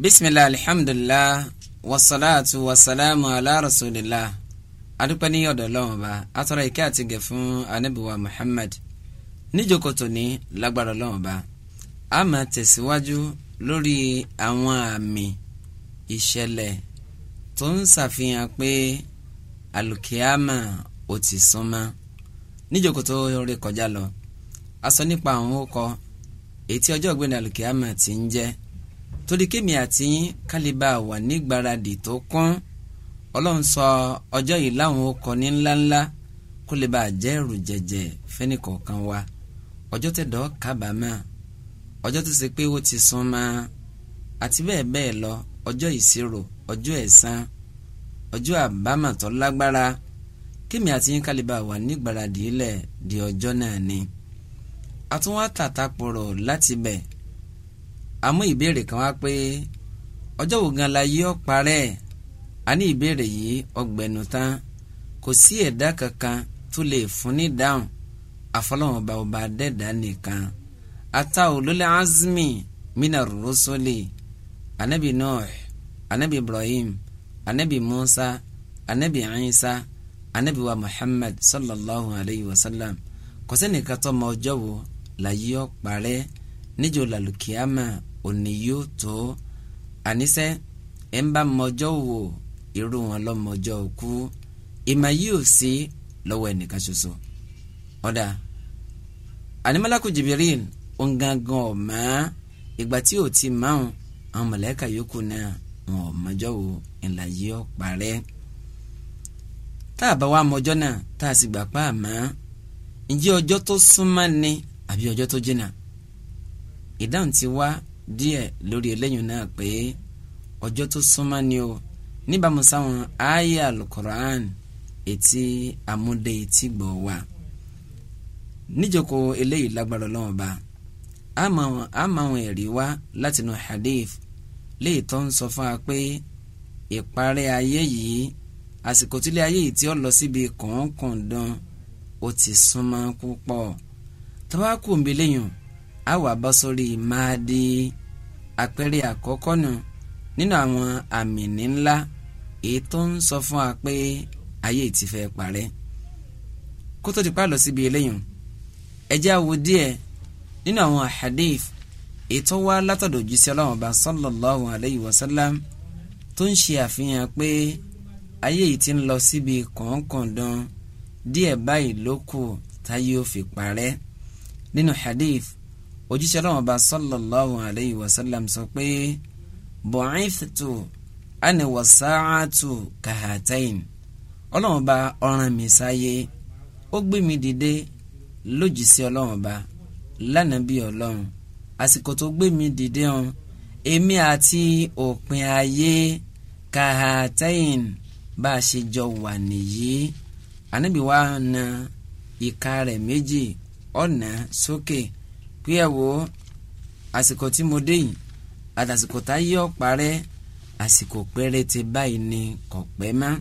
bisimilahi alihamdulilah wasalaatu wasalaamu ala rasulillah adúpẹ́ ní ọ̀dọ̀ Ọlọ́run ba atọrọ ìkẹ́ àti gẹ́ fún anabiwa Muhammad níjókòtò ní lágbára Ọlọ́run ba a máa tẹ̀síwájú lórí àwọn àmì ìṣẹ̀lẹ̀ tó ń ṣàfihàn pé alùkìyàmà ò ti súnmọ́ níjókòtò orí kọjá lọ a nípa àwọn okọ èyí ọjọ́ ìgbéni alùkìyàmà ti ń jẹ́ torí kémi àti kálíbà wà nígbàradì tó kún ọlọ́run sọ ọjọ́ yìí láwọn ọkọ̀ ní ńláńlá kó lè bàa jẹ́ ẹ̀rù jẹ̀jẹ̀ fẹ́ni kọ̀ọ̀kan wa ọjọ́ tẹ̀dọ̀ kábàámà ọjọ́ tó ṣe pé ó ti sún máa àti bẹ́ẹ̀ bẹ́ẹ̀ lọ ọjọ́ ìṣirò ọjọ́ ẹ̀san ọjọ́ àbámà lágbára kémi àti yín kálíbà wà nígbàradì ilẹ̀ di ọjọ́ náà ni àtúnwá tàtàpọ̀rọ̀ láti bẹ̀ àmú ìbéèrè kan wá pé ọjọ́ wo gan la yí ọ́ parẹ́ a ní ìbéèrè yìí ọgbẹ̀nu tán kò sí ẹ̀dá kankan tó lè fún ní dáhùn àfọlọ́wọn bá ọba dẹ́ẹ̀dá nìkan ata olólè azmi mina rusuli anabi nuh anabi ibrahim anabi musa anabi isa anabi wa muhammad sallallahu alayhi wa sallam kò sẹ́nìkan tó mọ ọjọ́ wo la yí ọ́ parẹ́ níjọ́ làlùkìyàmà òní yóò tó àníṣe ẹ̀ ń bá mọjọ́ wò irú wọn lọ́mọjọ́ kú ìmọ̀ yìí ò sí lọ́wọ́ ẹnìkan ṣoṣo ọ̀dà ànímọ́lákù jìbìrín ongangan ọ̀mà ìgbà tí ò ti máa ń àwọn mọ̀lẹ́kà yòókù náà wọn ò mọjọ́ wo ńlá yìí ó parẹ́ tá a bá wá mọjọ́ náà tá a sì gbà pa àmọ́ ǹjẹ́ ọjọ́ tó súnmọ́ ni àbí ọjọ́ tó jìnnà ìdáhùn ti wá díẹ̀ lórí eléyìí náà pé ọjọ́ tó súnmọ́ ni o níbàámu sáwọn ààyè alukoran etí amúdé etí gbọ̀ wá níjòkó eléyìí lágbára Ọlọ́run Ọba àmọ́ àwọn ẹ̀rí wá látinú hadith léyìí tó ń sọ fún wa pé ìparí ayé yìí àsìkò tílé ayé yìí tí ó lọ síbi kọ̀ọ̀kan ó ti súnmọ́ púpọ̀ tọ́wá kù ń bi léyìn á wà bọ́ sórí Mahdi àpẹẹrẹ àkọ́kọ́ nù nínú àwọn àmì ńlá èyí tó ń sọ fún wa pé ayé ti fẹ́ parẹ́ kó tó ti pa lọ síbi eléyìí ẹ jẹ́ díẹ̀ nínú àwọn hadith ètò wa látọ̀dọ̀ jíṣẹ́ ọlọ́run ọba sallallahu alayhi wa sallam tó ń ṣe àfihàn pé ayé yìí ti ń lọ síbi kọ̀ọ̀kọ̀ọ̀dán díẹ̀ báyìí ló kù táyé ó fi parẹ́ nínú hadith òjíṣẹ́ ọlọ́run ọba sallallahu alayhi wa sallam sọ pé bu'ithtu ana was-sa'atu kahatayn ọlọ́run ọba ọ̀ràn mi sáyé ó gbé mi dìde lójíṣẹ́ ọlọ́run ọba lánàá bí ọlọ́run àsìkò tó gbé mi dìde hàn èmi àti òpin ayé kahatayn bá a ṣe jọ wà nìyí ànábì na ìka rẹ̀ méjì ọ̀nà sókè. So pé ẹ wò ó àsìkò tí mo dé yìí àtàsìkò tá yí ọ̀parẹ́ àsìkò péré ti báyìí ni kò pẹ́ mọ́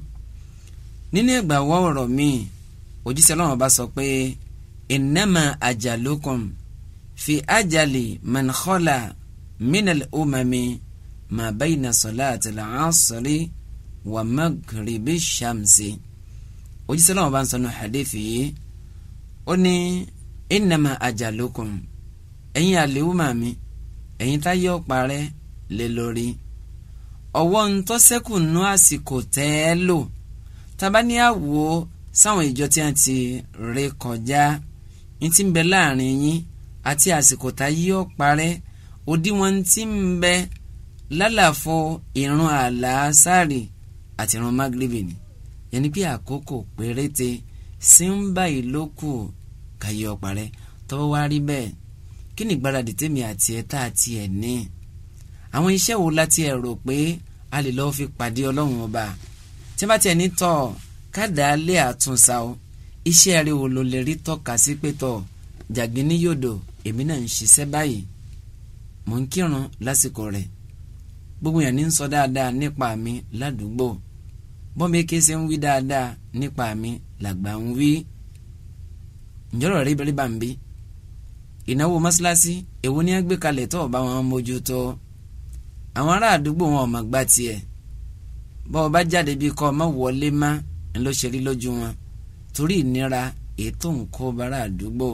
nínú ìgbà wọ́ ọ̀rọ̀ mi òjíṣẹ́ náà bá sọ pé innama ajalukum fi ajali man khala minal umami ma bayna salati al-asri wa maghribi shamsi òjíṣẹ́ náà bá ń sọ nù hadithi yìí ó ní innama ajalukum ẹ̀yin àlèwú màmí ẹ̀yin táyé ọ̀parẹ́ lè lórí ọwọ́ ń nú àsìkò tẹ́ ẹ lò tabani àwò sáwọn ìjọ tí a ti ré kọjá ní ti ń bẹ láàrin yín àti àsìkò táyé ọ̀parẹ́ òdiwọ̀n ti ń bẹ lálàfo ìrun àlàásàrì àti ìrun magrebi ni yẹni pé àkókò péréte sí ń báyìí ló tọ́wọ́ wá rí bẹ́ẹ̀ kí ni ìgbáradì tèmi àti ẹ tá a ti ẹ ní àwọn iṣẹ́ wo láti ẹ rò pé a lè lọ́ọ́ fi pàdé ọlọ́run ọba tí bá tiẹ̀ ní tọ̀ káàdà lé àtúnṣà o iṣẹ́ rẹ wo ló lè rí tọ́ka sí pé tọ̀ jàgínní yòdò èmi náà ń ṣiṣẹ́ báyìí mò ń kírun lásìkò rẹ̀ gbogbo yẹn ní ń sọ dáadáa nípa mi ládùúgbò bọ́mi ké ṣe ń wí dáadáa nípa mi làgbà ń wí ǹjọ́rọ̀ rí bẹ́rẹ̀ bá ń bí ìnáwó mọ́ṣáláṣí èwo ni wọ́n gbé kalẹ̀ tó bá wọn mójútó àwọn ará àdúgbò wọn ò mọ̀ gbá tiẹ̀ bọ́ ọ bá jáde bí kọ́ ọmọ wọlé má ń lọ ṣe rí lójú wọn torí ìnira ètò nǹkó bara àdúgbò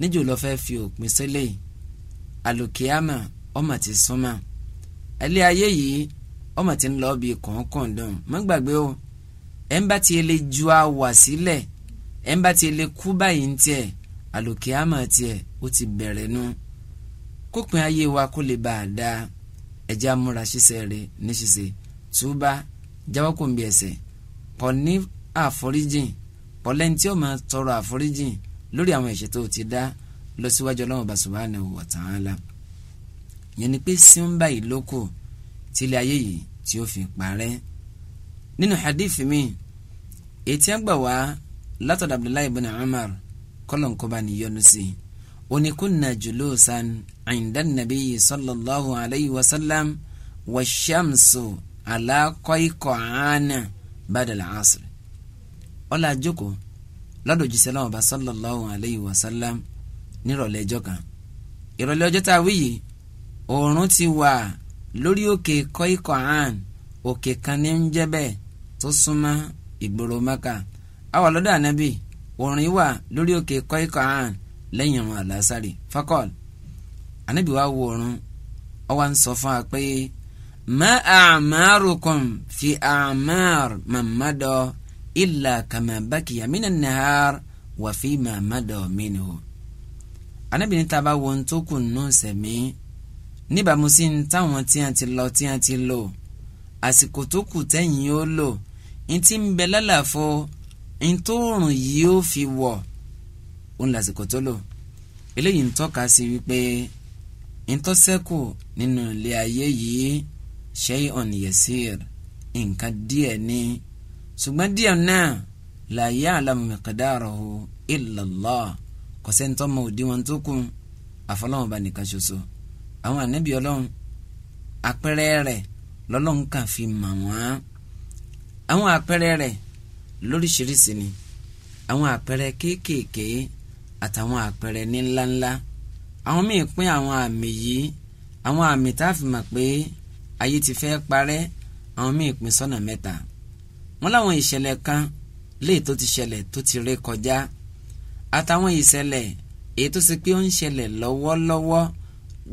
níjò lọ fẹ́ fi òpin sílẹ̀ àlòkíámà ọmọ ti súnmọ́ ẹlẹ́ ayé yìí ọmọ ti ń lọ bí kọ̀ọ̀kan dùn má gbàgbé o ẹ̀ ń bá ti lè ju àwà sílẹ̀ ẹ̀ ń bá ti lè kú báyìí ń tiẹ̀ àlòkíámà tiẹ̀ ó ti bẹ̀rẹ̀ nu kópin ayé wa kó lè bá a da ẹja múra ṣiṣẹ́ rẹ̀ níṣiṣẹ́ túbá jáwọ́ kò ń bí ẹ̀ṣẹ̀ pọ̀ ní àforíjìn pọ̀ lẹ́ni tí ó máa tọrọ àforíjìn lórí àwọn ẹ̀ṣẹ̀ tó ti dá lọ síwájú ọlọ́run bá subhanahu wa ta'ala yẹn ni pé sínbà yìí ló kù tílé ayé yìí tí ó fi parẹ́ nínú hadith mi ètí àgbà wá látọ̀dọ̀ Abdullahi ibn Umar kọ́lọ̀nkọ́ba níyọnu sí i oníkùnà julusan indan nabiyyi sallallahu alayhi wa sallam wa shamsu ala qayqa'ana badal asr ọ̀là àjòkó lọ́dọ̀ jíṣẹ́ lọ́wọ́ bá sallallahu alayhi wa sallam nírọ̀lẹ́ ọjọ́ kan ìrọ̀lẹ́ ọjọ́ tá a wí yìí oòrùn ti wà lórí òkè Qayqa'an òkè kan ní ń tó súnmọ́ ìgboro Mẹ́kà àwọn ọlọ́dọ̀ ànábì òrìn wà lórí òkè Qaiqaan lẹ́yìn àwọn àlásàrì fakọ́l anabi wa wo òrùn ọwọ́ ń sọ fún wa pé ma a'marukum fi a'mar mamado illa kama bakiya minan nahar wà fi mamado minhu anabi ní taba wo tó kù nù sẹ̀mí níbàámu sí ní táwọn tí a ti lọ tí a ti lò àsìkò tó kù tẹ́yìn yóò lò ní ti ń bẹ lálàfo ntòrùn yìí ó fi wọ̀ òun lásìkò tó lò eléyìí ń tọ́ka sí wípé ntọ́sẹ́kù nínú ilé ayé yìí shay'un yasir nǹkan díẹ̀ ni ṣùgbọ́n díẹ̀ náà la ya'lamu miqdarahu illa Allah kò sẹ́ńtọ́ mọ òdiwọ̀n tó kù àfọlọ́wọn bá nìkan ṣoṣo àwọn ànábì ọlọ́run àpẹẹrẹ rẹ̀ lọ́lọ́run kàn fi mà wọ́n àwọn àpẹẹrẹ rẹ̀ lóríṣiríṣi ni àwọn àpẹẹrẹ kéékèèké àtàwọn àpẹẹrẹ ní ńláńlá àwọn míì pín àwọn àmì yìí àwọn àmì tá a fi mọ̀ pé ayé ti fẹ́ parẹ́ àwọn míì pín sọ́nà mẹ́ta wọ́n láwọn ìṣẹ̀lẹ̀ kan léè tó ti ṣẹlẹ̀ tó ti ré kọjá àtàwọn ìṣẹ̀lẹ̀ èyí tó ṣe pé ó ń ṣẹlẹ̀ lọ́wọ́lọ́wọ́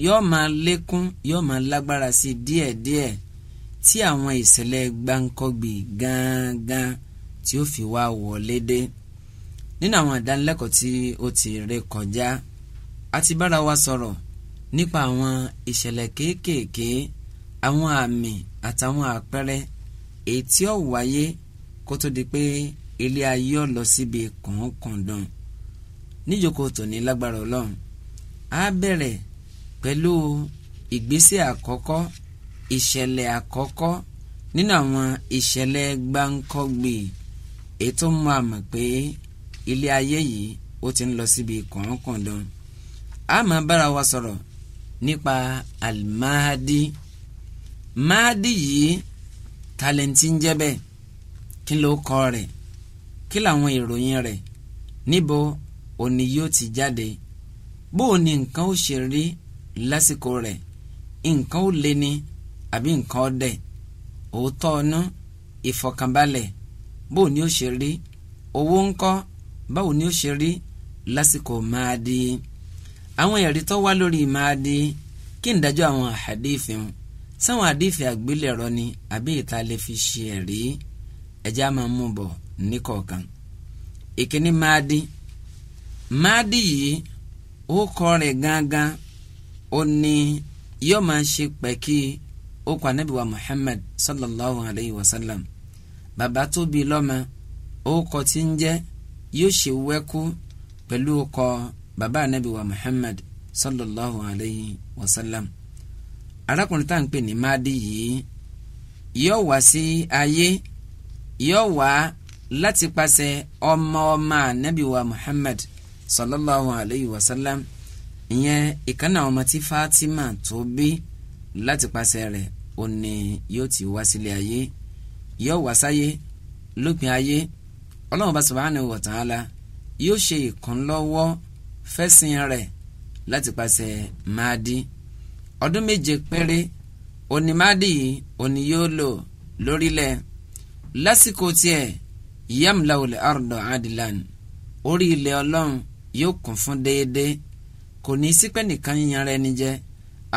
yóò máa lékún yóò máa lágbára sí i díẹ̀díẹ̀ tí àwọn ìṣẹ̀lẹ̀ gbáǹkọ́gbì gángan tí ó fi wá wọlé dé nínú àwọn ìdánilẹ́kọ̀ọ́ tí ó ti ré kọjá a ti bára wa sọ̀rọ̀ nípa àwọn ìṣẹ̀lẹ̀ kéékèèké àwọn àmì àtàwọn àpẹẹrẹ èyí tí ó wáyé kó tó di pé ilé ayé ó lọ síbi kọ̀ọ̀kọ̀ọ̀dàn níjókòó tòní lágbára ọlọ́run á bẹ̀rẹ̀ pẹ̀lú ìgbésẹ̀ àkọ́kọ́ ìṣẹ̀lẹ̀ àkọ́kọ́ nínú àwọn ìṣẹ̀lẹ̀ gbáǹkọ́gbìn ètò mú a mọ̀ pé ilé ayé yìí ó ti ń lọ síbi kọ̀ọ̀kọ̀ọ̀dán a máa bára wa sọ̀rọ̀ nípa alimahadi mahadi yìí talenti ń jẹ́ bẹ́ẹ̀ kí ló kọ rẹ̀ kí làwọn ìròyìn rẹ̀ níbo òní yóò ti jáde bó o nǹkan ó ṣe rí lásìkò rẹ̀ nǹkan ó lé ní àbí nǹkan ó dẹ̀ òótọ́ ọ̀nà ìfọ̀kànbalẹ̀ báwo ni ó ṣe rí owó ńkọ́ báwo ni ó ṣe rí lásìkò máàdì àwọn ẹ̀rí tó wá lórí máàdì kí n dájọ́ àwọn àdéhìfẹ́ wọn sáwọn àdéhìfẹ́ àgbélẹ̀rọ ni àbí ìta lè fi ṣe ẹ̀rí ẹ̀já máa mú bọ̀ níkọ̀ọ̀kan ìkíní máàdì máàdì yìí ó kọ́ rẹ̀ gángan ó ní yóò máa ṣe pẹ̀kí ó kọ́ anábìwá Muhammad sallallahu alayhi wa sallam bàbá tó bí lọ́mọ orúkọ tí ń jẹ́ yóò ṣe wẹ́kú pẹ̀lú ọkọ bàbá anabi wa Muhammad sallallahu alayhi wa sallam arákùnrin tá à ń pè ní Mahdi yìí yóò wá sí ayé yóò wá láti pàṣẹ ọmọ ọmọ anabi wa Muhammad sallallahu alayhi wa sallam ìyẹn ìkànnà ọmọ tí Fatima tó bí láti pàṣẹ rẹ̀ ó yóò ti wá sílé ayé yóò wá sáyé lópin ayé ọlọ́run bá subhanahu wa la yóò ṣe ìkúnlọ́wọ́ fẹ́sìn rẹ̀ láti pàṣẹ máàdí ọdún méje péré òní máàdí yìí òní yóò lò lórílẹ̀ lásìkò tiẹ̀ yamlaul ardo adilan orí ilẹ̀ ọlọ́run yóò kún fún déédéé kò ní í sípẹ́ nìkan yanra ẹni jẹ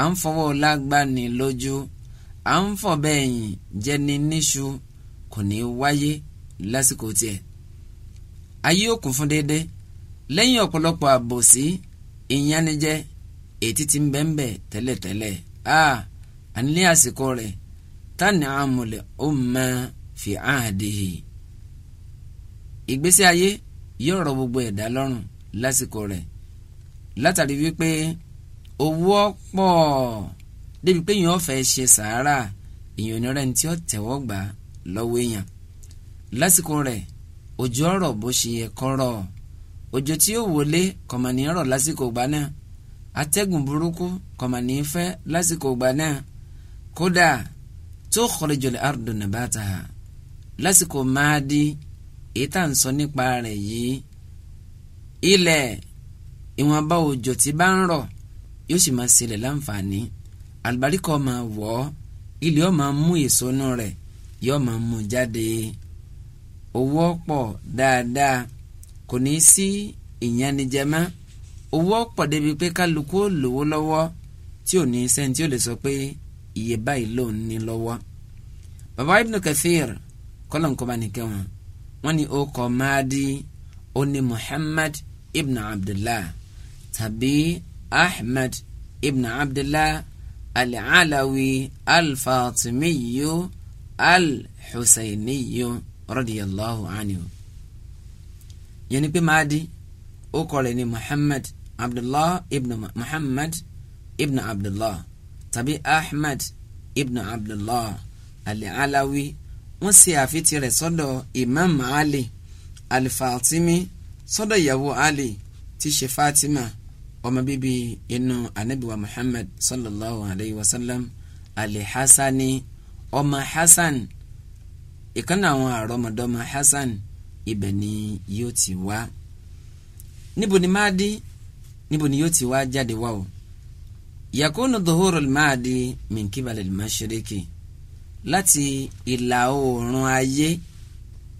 à ń fọwọ́ lágbá ní lójú à ń fọ̀ bẹ́ẹ̀ yìn jẹni níṣu kò ní wáyé lásìkò tiẹ̀ ayé ò kún fún déédéé lẹ́yìn ọ̀pọ̀lọpọ̀ àbòsí ìyanijẹ ètí ti ń bẹ́ńbẹ́ tẹ́lẹ̀tẹ́lẹ̀ a àsìkò rẹ̀ tani amúlẹ̀ ó máa fi àádìhì ìgbésí ayé yóò rọ gbogbo ẹ̀dá lọ́rùn lásìkò rẹ̀ látàrí wípé owó ọ̀pọ̀ débi pé èèyàn fẹ́ ṣe sàárà èèyàn tí ó tẹ̀wọ́ gbà lọ́wọ́ èèyàn lásìkò rẹ̀ òjò ọ̀rọ̀ bó ṣe yẹ kọ́rọ̀ òjò tí ó wọlé kọ̀mọ̀nì ọ̀rọ̀ lásìkò gbà náà atẹ́gùn burúkú kọ̀mọ̀nì fẹ́ lásìkò gbà náà kódà tó kọ̀rẹ́jọlẹ̀ ardu nabataha lásìkò máa di èyí tá à ń sọ nípa rẹ̀ yìí ilẹ̀ ìwọ̀nba òjò tí bá ń rọ̀ yóò sì máa ṣẹlẹ̀ láǹfààní àlùbáríkà máa wọ̀ ọ́ ilẹ̀ ó máa mú èso nù rẹ̀ yóò máa mú jáde owó ọ̀pọ̀ dáadáa kò ní í sí ìyanijẹmá owó ọ̀pọ̀ débi pé kálukú ó lówó lọ́wọ́ tí ò ní í sẹ́ni tí ó lè sọ pé iye báyìí lòun ní lọ́wọ́ baba Ibn Kathir kọ́lọ́nkọ́ba nìkẹ́ wọn wọ́n ní ọkọ Mahdi ó Muhammad ibn Abdullah tàbí Ahmad ibn Abdullah al-Alawi al-Fatimiyu al-Husainiyu radiyallahu anhu yẹn ni pé Mahdi ó kọ́lẹ̀ ní Muhammad Abdullah ibn Muhammad ibn Abdullah tàbí Ahmad ibn Abdullah al-Alawi wọ́n ṣe àfitì rẹ̀ sọ́dọ̀ Imam Ali al-Fatimi sọ́dọ̀ ìyàwó Ali tí ṣe Fatima ọmọ bíbí inú anabiwa Muhammad sallallahu alayhi wa sallam alihasani ọmọ Hasan ìkànnì àwọn àrọmọdọ́mọ Hasan ibẹ̀ ni yóò ti wá níbo ni Mahdi níbo ni yóò ti wá jáde wá o yakunu dhuhurul Mahdi min kibalil mashriqi láti ìlà oòrùn ayé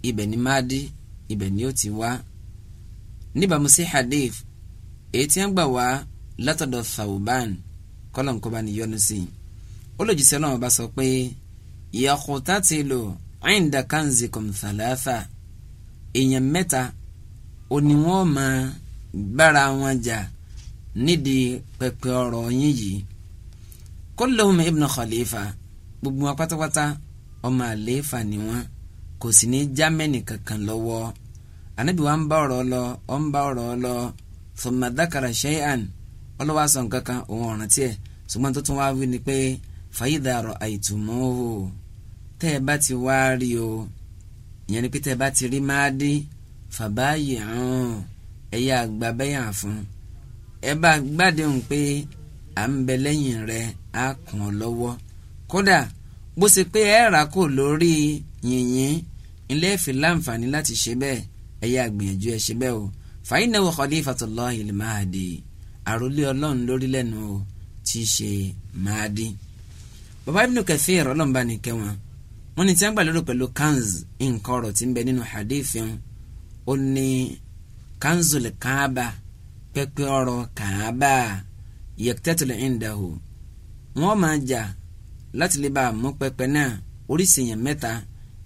ibẹ̀ ni Mahdi ibẹ̀ ni ó ti wá níbàámu sí hadith èyí tí wọ́n gbà wá látọ̀dọ̀ Thawban kọ́lọ̀ nǹkan bá ní yọ́nu sí i ó lòdì bá sọ pé yakutatilu inda kanzikum thalatha èèyàn mẹ́ta òní wọ́n máa bára wọn jà nídìí pẹpẹ ọ̀rọ̀ yín yìí kulluhum ibnu khalifa gbogbo wọn pátápátá ọmọ àlééfà ni wọn kò sì ní jámẹ́nì kankan lọ́wọ́ anabi wa ń bá ọ̀rọ̀ lọ ọ̀ ń bá ọ̀rọ̀ lọ thumma dhakara shay'an ọlọ́wọ́ àsọ̀ nǹkan kan òun ọ̀ràn tiẹ̀ ṣùgbọ́n tó tún wí ni pé fa idha ra'aytumuhu tẹ́ ẹ bá ti wá rí o ìyẹn ni pé tẹ́ ẹ bá ti rí Mahdi fàbáyé hàn ẹ yá gba bẹ́yà fún ẹ bá gbàdéhùn pé à ń bẹ lẹ́yìn rẹ á kàn ọ́ lọ́wọ́ kódà bó ṣe pé ẹ rà kò lórí yìnyín ilé ẹ̀fẹ̀ láǹfààní láti ṣe bẹ́ẹ̀ ẹ yá gbìyànjú ẹ ṣe bẹ́ẹ̀ o fàyínà wọ Khalifatullahi al-Mahdi àròlé ọlọ́run lórí lẹ́nu o ti ṣe Mahdi. bàbá Ibn Kathir ọlọ́mbà nìkẹ́ wọn wọ́n ní tí wọ́n gbà lérò pẹ̀lú kanz nǹkan ọ̀rọ̀ tí ń bẹ nínú hadithin ó ní kanzul kaaba pẹ́pẹ́ ọ̀rọ̀ kaaba yẹ̀kítẹ́tìlẹ̀ ìndàhù wọ́n máa jà láti lè bá a mú pẹ́pẹ́ náà oríṣi èèyàn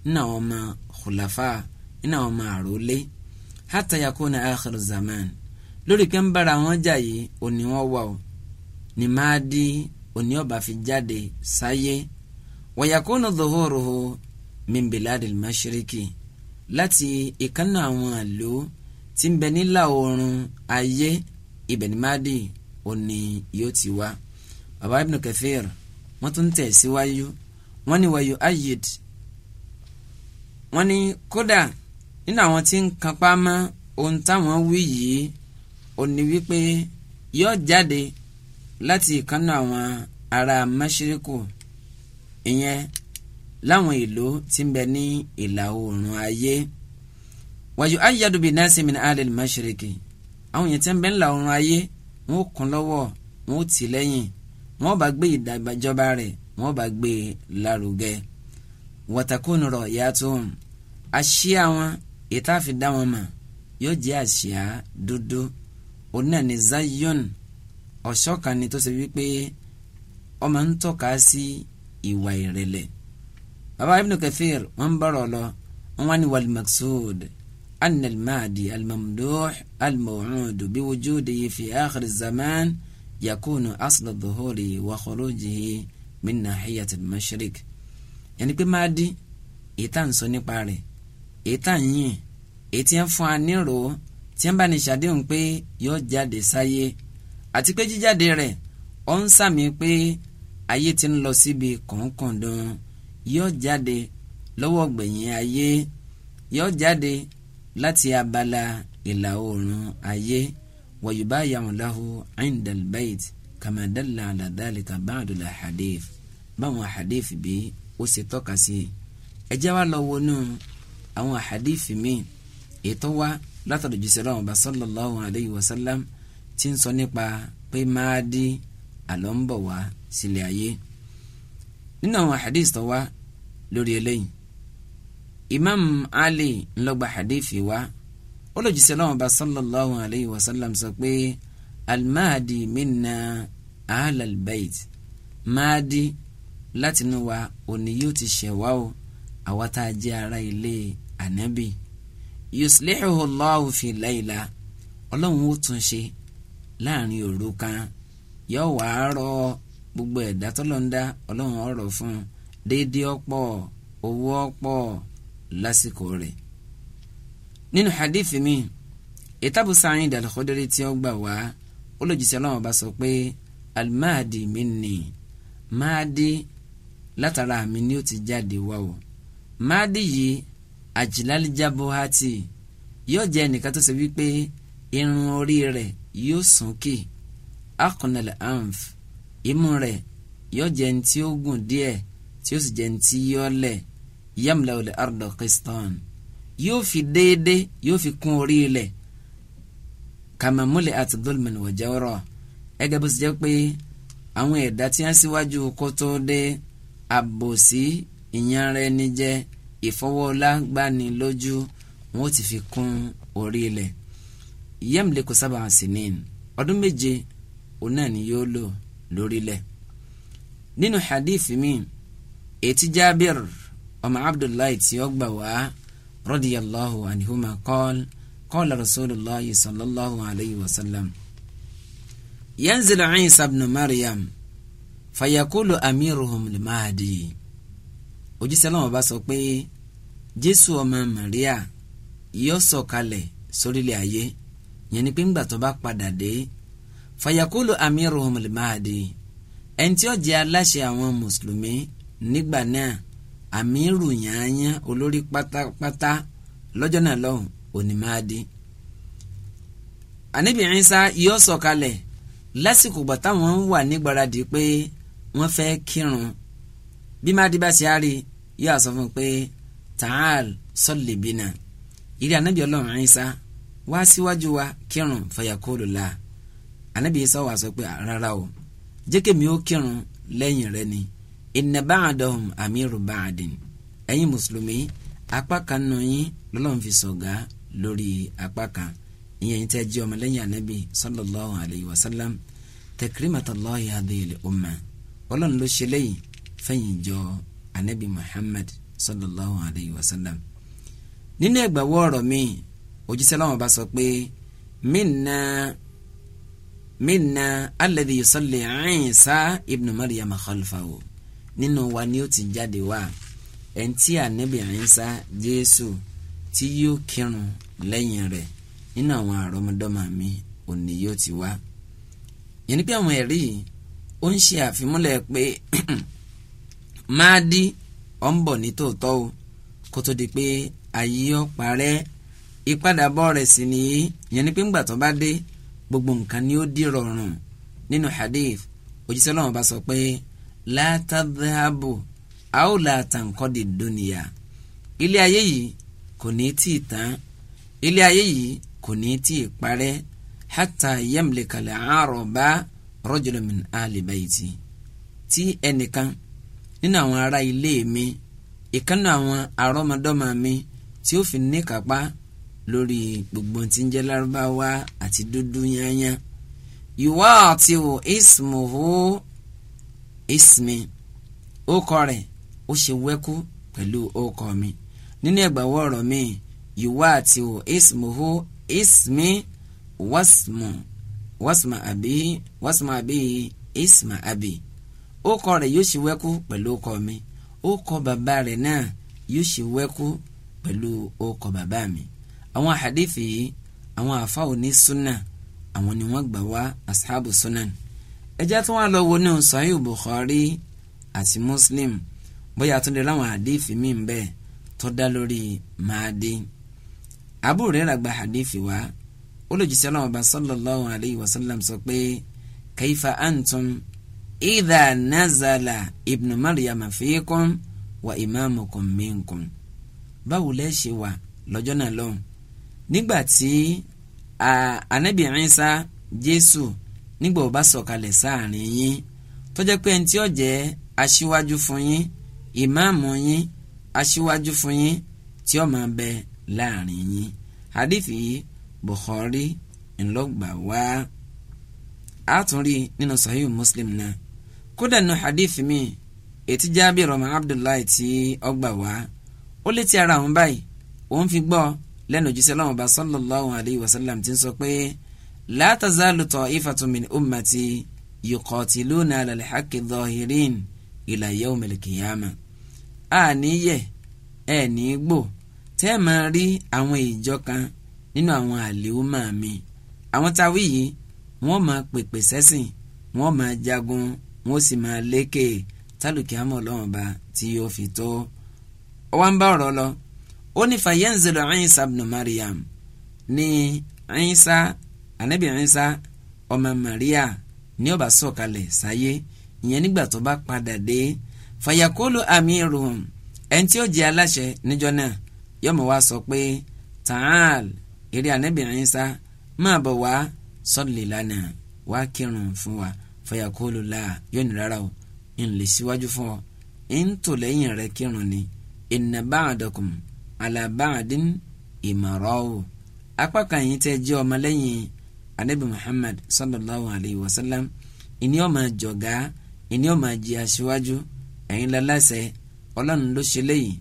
nínú àwọn ọmọ khulafa nínú àwọn ọmọ àròlé hátà yakuna akhir zaman lórí pé ń bára wọn jà yìí òní wọn wà ó ní máa dí òní ọba fi jáde sáyé wọ̀yàkónú dòhóòrò mimbiladil mashiriki láti ìkànnà àwọn àlò tí ń bẹ nílà oòrùn ayé ibẹ̀ ní Mahdi òní yóò ti wá baba Ibn Kathir wọ́n tún tẹ̀ síwájú wọ́n ní wàyò ayid wọ́n ní kódà nínú àwọn tí ń kápá mọ́ ohun táwọn wí yìí òní wípé yóò jáde láti ìkànnà àwọn ará mashiriku ìyẹn láwọn ìlú tí ń bẹ ní ìlà oòrùn ayé wàyí ayyadu bi nasi min alil mashiriki àwọn yẹn tí ń bẹ ní ìlà oòrùn ayé wọn ò kún lọ́wọ́ wọn ò tì lẹ́yìn wọn ò bá gbé ìdàgbàjọba rẹ̀ wọn ò bá gbé e lárugẹ wọ́tàkùn rọ̀ yàtọ̀ àṣìá wọn ìta fi dá wọn mọ̀ yóò jẹ́ àṣìá dúdú òun náà ní zayon tó ṣe wípé ọmọ ń tọ́ka sí ìwà ìrẹ̀lẹ̀ baba ibn kathir wọ́n bọ̀rọ̀ lọ wọ́n wá ní wal maqsud anna almahdi almamduh almaw'ud biwujudihi fi akhir zaman yakunu asla dhuhuri wa khurujihi min nahiyati almashriq yẹni pé mahdi èyí tá à ń sọ nípa rẹ̀ èyí ń yìn èyí tí fún wa tí wọ́n bá ní ṣàdéhùn pé yóò jáde sáyé àti pé jíjáde rẹ̀ ó ń sàmì pé ayé ti ń lọ síbi kọ̀ọ̀kọ̀ọ̀dán yóò jáde lọ́wọ́ gbẹ̀yìn ayé yóò jáde láti abala ìlà oòrùn ayé wàyùbá yàmùláhu indalbait kàmádàlà àdàdàlìkà báàdùlà hadith báwọn hadith bí ó ṣe tọ́ka sí i ẹ jẹ́ wá lọ wọnú àwọn hadith mi ètò wa látọ̀dọ̀ jùsọ̀rọ̀ àwọn sallallahu alayhi wa sallam tí ń sọ nípa pé máa di àlọ́ ń bọ̀ wá sílẹ̀ ayé nínú àwọn hadith tó wá lórí eléyìí Imam Ali ńlọgba hadith wa olójúṣe náà bá sallallahu alayhi wa sallam sọ pé almahdi minna ahlal bayt mahdi látinú wa òní yóò ti ṣẹ̀ wá o àwa tá a jẹ́ ara ilé ànábì yuslihu Allahu fi layla ọlọ́run ó tún ṣe láàrin òru kan yóò wá rọ gbogbo ẹ̀dá tọ́lọ̀ ń dá ọlọ́run ọ̀rọ̀ fún déédéé ọ̀pọ̀ owó ọ̀pọ̀ lásìkò rẹ̀. nínú hadith mi ìtàbù Sa'id al-Khudri tí ó gbà wá olójúṣe ọlọ́run bá sọ pé al-mahdi minni mahdi látara mi ni ó ti jáde wá o mahdi yìí àjìlálijábọ́hátì yóò jẹ́ ẹnìkan tó ṣe wípé irun orí rẹ̀ yóò sùn kì akọ̀nàlẹ̀ anf imú rẹ̀ yóò jẹ́ ntí ó gùn díẹ̀ tí ó sì jẹ́ ntí yóò lẹ̀ yamla olè ardo qistan yóò fi déédé yóò fi kún orí ilẹ̀ kàmá múlẹ̀ àti dolmen wọ̀jẹ̀wọ̀rọ̀ ẹgẹ́ bó sì jẹ́ pé àwọn ẹ̀dá tí wọ́n síwájú kó tó dé àbòsí ìyanra ẹni jẹ́ ìfọwọ́lá wọn ti fi kún orí ilẹ̀ yamle kò sábà sinin ọdún méje òun náà ni yóò lò lórílẹ̀ nínú hadith mi etí Jabir ọmọ Abdullahi tí ó gbà wá radiyallahu anhuma qal qala rasulillah sallallahu alayhi wa sallam yanzil Isa ibn Maryam fayakulu amiruhum limahadi òjíṣẹ́ náà bá sọ pé Jésù ọmọ Maria yóò sọ̀kalẹ̀ sórílẹ̀ ayé yẹn ni pé ńgbà tó bá padà dé fàyàkúlù amiruhum al-mahdi ẹni tí ó jẹ́ aláṣẹ àwọn mùsùlùmí nígbà náà amiru yàányán olórí pátápátá lọ́jọ́ náà lọ́hùn òní mahdi anabi Isa yóò sọ̀kalẹ̀ lásìkò bàtà wọn wà nígbàradì pé wọ́n fẹ́ kírun bí mahdi bá ṣe á rí yóò sọ fún un pé ta'al salli ìrì anabi Ọlọ́run wá síwájú wa kírun fàyàkúlù láà anabi isa wá sọ pé rárá o jẹ́ kí mi ó kírun lẹ́yìn rẹ ni inna ba'dahum amiru ba'din ẹ̀yin mùsùlùmí apá kan nù yín lọ́lọ́run fi ṣọ̀gá lórí apá kan ìyẹn tẹ́ jẹ́ ọmọlẹ́yìn anabi sallallahu alayhi wa sallam takrimatallahi hadhihi ọlọ́run ló ṣe lẹ́yìn fẹ́yìn jọ anabi muhammad sallallahu alayhi wa nínú ẹgbàwọ́ ọ̀rọ̀ mi òjíṣẹ́ láwọn bá sọ pé minna minna alladhi yusalli Isa ibn Maryam khalfahu nínú wa ni ó ti jáde wá ẹni tí ànábì Isa Jésù tí yóò kírun lẹ́yìn rẹ̀ nínú àwọn àrọ́mọdọ́mọ mi òní yóò ti wá yẹn ni pé àwọn ẹ̀rí yìí ó ń ṣe àfimúlẹ̀ pé Mahdi ọ̀ ń bọ̀ ní tòótọ́ o kó tó di pé ayé ọ̀ parẹ́ ìpadàbọ̀ rẹ̀ sì nìyí yẹn pé ńgbà tó bá dé gbogbo nǹkan ni ó di rọrùn nínú hadith òjíṣẹ́ Ọlọ́run bá sọ pé la tadhhabu aw la tanqadi dunya ilé ayé yìí kò ní tí ì tán ilé ayé yìí kò ní tí ì parẹ́ hatta yamlika al-araba rajulun min ali bayti tí ẹnìkan nínú àwọn ará ilé mi ìkànnì àwọn àrọ́mọdọ́mọ mi tí ó fi ní kápá lórí gbogbo tí ń jẹ́ lárúbáwá àti dúdú yányán ìwà àti wò ismuhu ismi ókọ rẹ̀ ó ṣe wẹ́kú pẹ̀lú ókọ mi nínú ẹ̀gbàwọ́ ọ̀rọ̀ mi ìwà àti wò ismuhu ismi wasmu wasma àbí wasma àbí isma àbí ókọ rẹ̀ yóò ṣe wẹ́kú pẹ̀lú ókọ mi ókọ bàbá rẹ̀ náà yóò ṣe wẹ́kú pẹ̀lú ókọ bàbá mi àwọn àhàdífì yìí àwọn àfa òní súnà àwọn ni wọ́n gbà wá asáàbù súnà ẹjẹ́ tí wọ́n lọ wo ní sahih Bukhari àti Muslim bóyá tó lè ráwọn àhàdífì míì ń bẹ́ẹ̀ tó dá lórí Mahdi Abu Hurairah gba àhàdífì wá olójúṣe aláwọ̀ bá sallallahu alayhi wa sallam sọ pé kaifa antum idha nazala ibnu maryam fiikum wa imamukum minkum báwo lẹ́ ṣe wà lọ́jọ́ náà lọ́hùn nígbà tí anabi Ìsá Jésù nígbà ó bá sọ̀kalẹ̀ sáàrin yín tó jẹ́ pé ẹni tí ó jẹ́ aṣíwájú fún yín ìmáàmù yín aṣíwájú fún yín tí ó máa bẹ Bukhari ńlọgbà wá àtúnrí nínú Sahih Muslim na kódà nínú hadithi mi ètí Jábìrì ọmọ Abdullahi tí ọgbà wá ó létí ara àwọn báyìí òun fi gbọ́ lẹ́nu jíṣẹ́ lọ́wọ́n bá sallallahu alayhi wa sallam ti ń sọ pé la tazalu ta'ifatun min ummati yuqatiluna ala al-haqqi dhahirin ila yawmil qiyamah. àníyẹ ẹ̀ ní gbò tẹ́ ẹ máa rí àwọn ìjọ kan nínú àwọn àlèhùmá mi àwọn táwí yìí wọ́n máa pèpè sẹ́sìn wọ́n máa jagun wọ́n sì máa lékè tálùkì àmọ́ ọlọ́run ọba yóò fi tó. ọwọ́ ń bá ọ̀rọ̀ lọ ó ní fayanzilu Isa ibn Maryam ní Isa anabi Isa ọmọ Maria ní ó bá sọ̀kalẹ̀ sáyé ìyẹn nígbà tó bá padà dé fayakolo amiru ẹni tí ó jẹ́ aláṣẹ níjọ́ náà yọmọ wa sọ pé taal eré anabi Isa máa bọ̀ wá sọ́ọ̀lì lánàá wá kírun fún wa fayakolo la yóò ní rárá o ń lè síwájú fún ọ ń tò lẹ́yìn rẹ kírun ni ìnàbà alabadin imarawo apá kan yìí tẹ́ jẹ́ ọmọlẹ́yìn anabi muhammad sallallahu alayhi wa sallam ìní ọmọ jọ̀gá ìní ọmọ jẹ́ aṣíwájú ẹ̀yin lálásẹ̀ ọlọ́run ló ṣe léyìí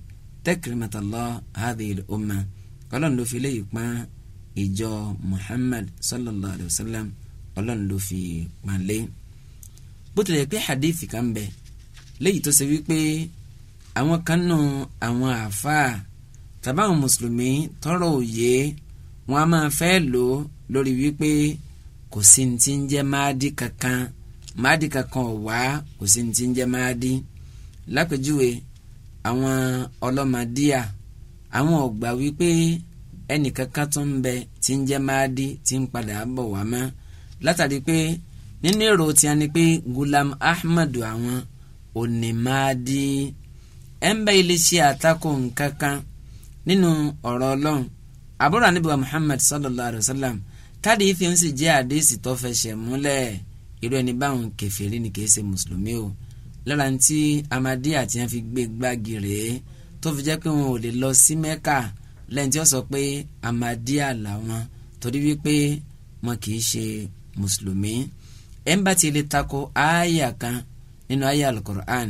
tẹ́kìrìmọ̀tàlọ́ hadhihi umma ọlọ́run ló fi léyìí pọ́n ìjọ muhammad sallallahu alayhi wa sallam ọlọ́run ló fi pọ́n lé bó tilẹ̀ pé hadith kan bẹ̀ léyìí tó ṣe wípé àwọn kan àwọn àáfàá tàbáwọn mùsùlùmí tọrọ òye wọn a máa fẹ́ lò ó lórí wípé kò sí ní ti ń jẹ́ máàdí kankan máàdí kankan ò wá kò sí ní ti ń jẹ́ máàdí lápèjúwe àwọn ọlọ́màdíà àwọn ò gbà wípé ẹnìkankan tó ń bẹ tí ń jẹ́ máàdí tí ń padà bọ̀ wá mọ́ látàrí pé nínú èrò tí a ní pé Gulam Ahmed àwọn òní máàdí ẹ̀ ń bẹ́ ilé ṣe àtakò nǹkan nínú ọ̀rọ̀ ọlọ́run àbúrò àníbà Muhammad sallallahu alayhi wa sallam táàdì yìí fi ń sì jẹ́ àdéhìsì tó fẹsẹ̀ múlẹ̀ irú ẹni báwọn kèfèrí ni kìí ṣe mùsùlùmí o lára ń tí amadé àti yẹn fi gbé gbági rèé tó fi jẹ́ pé wọn ò lè lọ sí Mẹ́kà lẹ́yìn tí wọ́n sọ pé amadé àlàwọn torí wípé wọn kìí ṣe mùsùlùmí ẹ̀ ń bá ti lè tako àáyà kan nínú àáyà alukur'an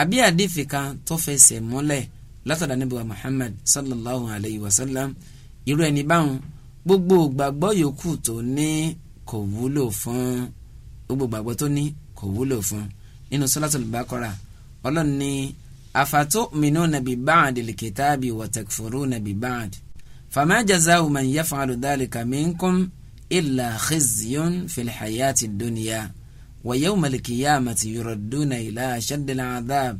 àbí àdìfì kan tó fẹsẹ̀ múlẹ̀ látọ̀dá níbi wa Muhammad sallallahu alayhi wa sallam irú ẹni báwọn gbogbo gbàgbọ́ yòókù tó ní kò wúlò fún gbogbo gbàgbọ́ tó ní kò wúlò fún nínú suratul Baqara ọlọ́run ní afatu'minuna bi ba'dil kitabi wa takfuruna bi ba'd fama jaza'u man yaf'alu dhalika minkum illa khizyun fil hayati dunya wa yawmal qiyamati yuradduna ila ashaddil adhab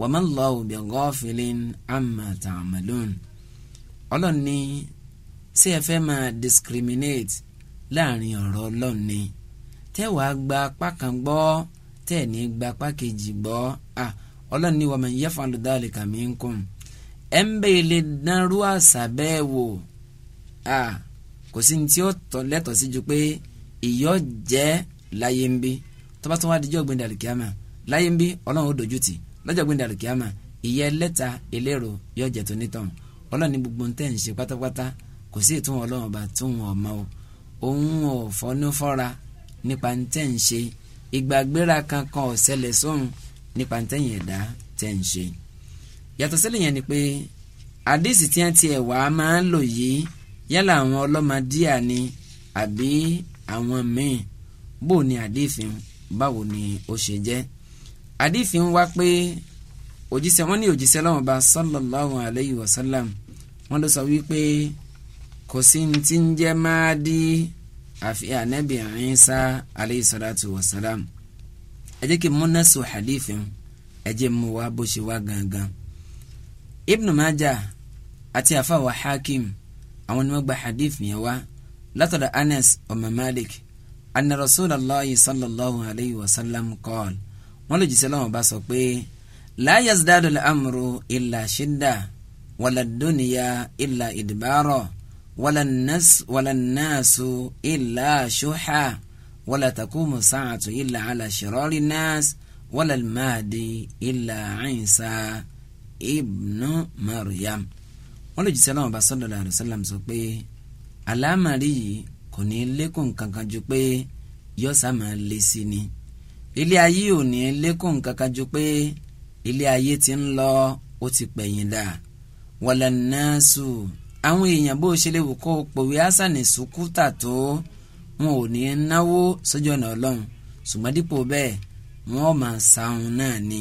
wa ma Allahu bi ghafilin amma ta'malun ọlọ́run ṣé ẹ fẹ́ máa discriminate láàrin ọ̀rọ̀ ọlọ́run ni tẹ́ wàá gba apá kan gbọ́ tẹ́ ẹ̀ ní gba apá kejì gbọ́ à ọlọ́run ní wa man yaf'al dhalika minkum ẹ̀ ń bẹ́ẹ̀ lè dánrú àṣà bẹ́ẹ̀ wò à kò sí ní tí ó lẹ́tọ̀ọ́ sí ju pé ìyọ́ jẹ́ láyé ń bí tọ́ba tó wá dijọ́ gbẹ̀dẹ̀ àlùkìyàmà láyé ń bí ọlọ́run ó dojú tì í lọ́jọ́ gbẹ̀ndẹ̀ àlùkìyàmà ìyẹ́ ẹlẹ́ta ẹlẹ́rọ yóò jẹ́ tó nítàn ọlọ́ọ̀ni gbogbo ń tẹ̀ ń ṣe pátápátá kò sí ìtúwọ̀n ọlọ́run ọba tó wọn ọmọ o òun ò fọnú fọ́ra nípa ń tẹ̀ ń ṣe ìgbàgbéra kankan ò ṣẹlẹ̀ sóhun nípa ń tẹ̀yìn ẹ̀dá tẹ̀ ń ṣe. yàtọ̀ sílẹ̀ yẹn ni pé àdìsí tí wọ́n ti ẹ̀ wá máa ń lò yìí yálà àwọn ọlọ́mọdíà ni àbí àwọn míì bó ni àdìfín báwo ni ó ṣe jẹ́ àdìsí ń wá pé òjíṣẹ́ wọn ní òjíṣẹ́ lọ́wọ́ bá sallallahu alayhi wa sallam wọn ló sọ wípé kò sí ní ti ń jẹ́ Mahdi àfi ànábì Ìsá alayhi salatu wa salam ẹ jẹ́ kí múnásù hadithi ẹ jẹ́ mú wá bó ṣe wá gangan ibnu Majah àti àfàwà Hakim àwọn ni wọ́n gba hadith yẹn wá látọ̀dọ̀ Anas ọmọ Malik anna sallallahu alayhi wa sallam kọ́ọ̀lù wọ́n lè jíṣẹ́ lọ́wọ́ bá sọ pé la yazdadu al-amru illa shidda wala dunya illa idbaro wala nas wala nasu illa shuha wala takumu sa'atu illa ala shirari nas wala al-mahdi illa Isa ibnu Maryam wọ́n lè jíṣẹ́ lọ́wọ́ bá sọ́dọ̀ dàrú sálàm sọ pé àlámàrí yìí kò ní lékún kankan ju pé yọ́sà máa lé sí ni ilé ayé ò ní lékún kankan ju pé ilé ayé ti ń lọ ó ti pẹ̀yìn dà wọlé náà sù àwọn èèyàn bó ṣe lè wò kó pòwé ásàní sùkúta tó wọn ò ní náwó sójú ọ̀nà ọlọ́run ṣùgbọ́n dípò bẹ́ẹ̀ wọn máa sàún náà ni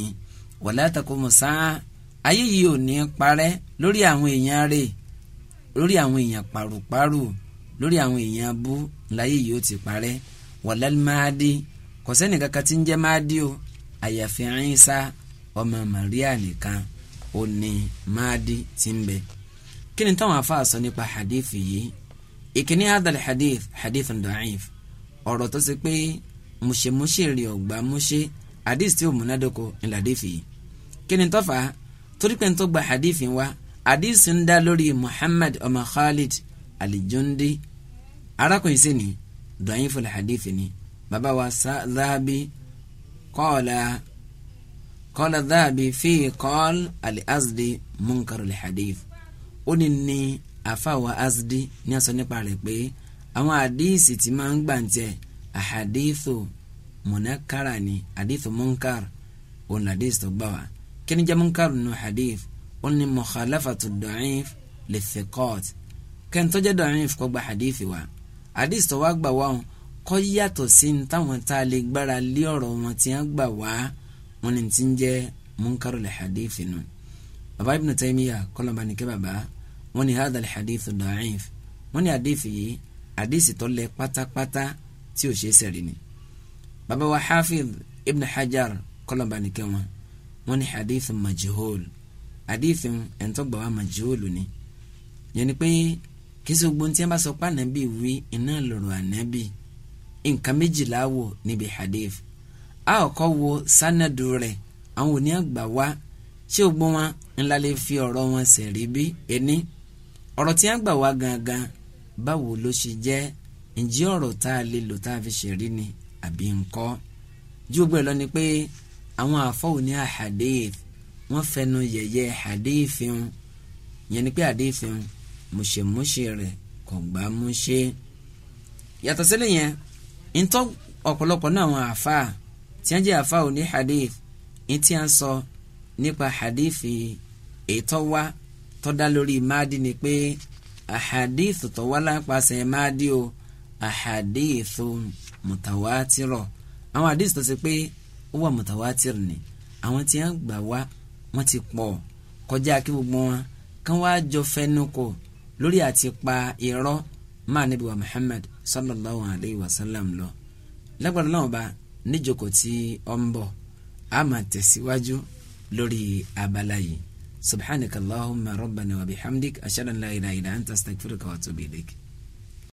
wọlé àtàkùn mọ̀sá ayé yìí ò ní parẹ́ lórí àwọn èèyàn rẹ̀ lórí àwọn èèyàn pàrùpàrù lórí àwọn èèyàn abú láyé yìí ó ti parẹ́ wọlé máa dín kò sẹ́ni kankan tí ń jẹ́ máàdíò àyàfi Ìsá ọmọ Màríà nìkan ó ní máàdí tí ni táwọn afa sọ nípa hadith yìí ìkíní adal hadith hadith da'if ọ̀rọ̀ tó ṣe pé mùṣemùṣe rí ọ̀gbà mùṣe hadith tí ó múnádóko ní hadith yìí kí ni tọ́fà gba hadith wa hadith ń dá Muhammad ọmọ Khalid alijundi arákùnrin sí ni da'iful hadith ni bàbá wa Zahabi kọ́ọ̀lá kọ́ọ̀lá Zahabi fi kọ́ọ̀l al-Azdi munkar al-hadith ó ní ní àfàwà Azdi ní a sọ nípa rẹ̀ pé àwọn àdíìsì tí máa ń gbàǹtẹ̀ àhàdíìsù mọ̀nàkàrà ni àdíìsù munkar òun àdíìsì tó gbà wá kí ni jẹ́ munkar nù hadith ó mukhalafatu da'if li thiqat kẹ́ńtọ́jẹ́ da'if kó gba hadith wa gbà wá wọn kọ́ yàtọ̀ sí ní táwọn tá a lè gbára lé ọ̀rọ̀ wọn tí wọ́n gbà wá wọn ni ti ń jẹ́ munkarul hadithi nù. bàbá Ibn Taymiyyah kọ́lọ́mbà ní kẹ́ bàbá wọn ni hadha alhadithu da'if wọn ni hadithi yìí hadithi tó lẹ pátápátá tí ò ṣeé sẹ̀rí ni. bàbá wa Hafidh Ibn Hajar kọ́lọ́mbà ní kẹ́ wọn wọn ni hadithi majhul hadithi ẹ̀ńtọ́ gbà wá majhul ni yẹn ni pé kí sọ nǹkan méjìlá wò níbi hadith a kọ́kọ́ wo sanadu rẹ̀ àwọn òní àgbà wa ṣé o gbọ́ wọn ńlá lè fi ọ̀rọ̀ wọn sẹ̀rí bí ẹni ọ̀rọ̀ tí a gbà wá gangan báwo ló ṣe jẹ́ ǹjẹ́ ọ̀rọ̀ tá a lè lò tá a fi ṣẹ̀rí ni àbí ńkọ́ ju gbẹ lọ ni pé àwọn àfọwò ní àhàdéèf wọ́n fẹnu yẹ̀yẹ́ àhàdéèfin yẹn ni pé àhàdéèfin mọ̀ṣẹ̀mọ̀ṣẹ̀ rẹ̀ kò gbá yàtọ̀ sílẹ̀ yẹn ntọ́ ọ̀pọ̀lọpọ̀ náà àwọn àfa tí wọ́n jẹ́ òní hadith ntí à ń nípa hadith ètò wa tó lórí máàdì ni pé ahadith tó wá lápasẹ̀ máàdì o ahadith mutawatirọ̀ àwọn hadith tó ṣe pé ó wà mutawatir ni àwọn tí wọ́n gbà wá wọ́n ti pọ̀ kọjá kí gbogbo wọn kán wá jọ fẹnukò lórí àti pa irọ́ máa níbi wa Muhammad sallallahu alayhi wa sallam lọ lágbára náà bá níjòkó tí ó ń bọ̀ a máa tẹ̀síwájú lórí abala yìí subhanakallahumma rabbana wa bihamdik ashhadu an la ilaha illa anta astaghfiruka wa atubu ilayk.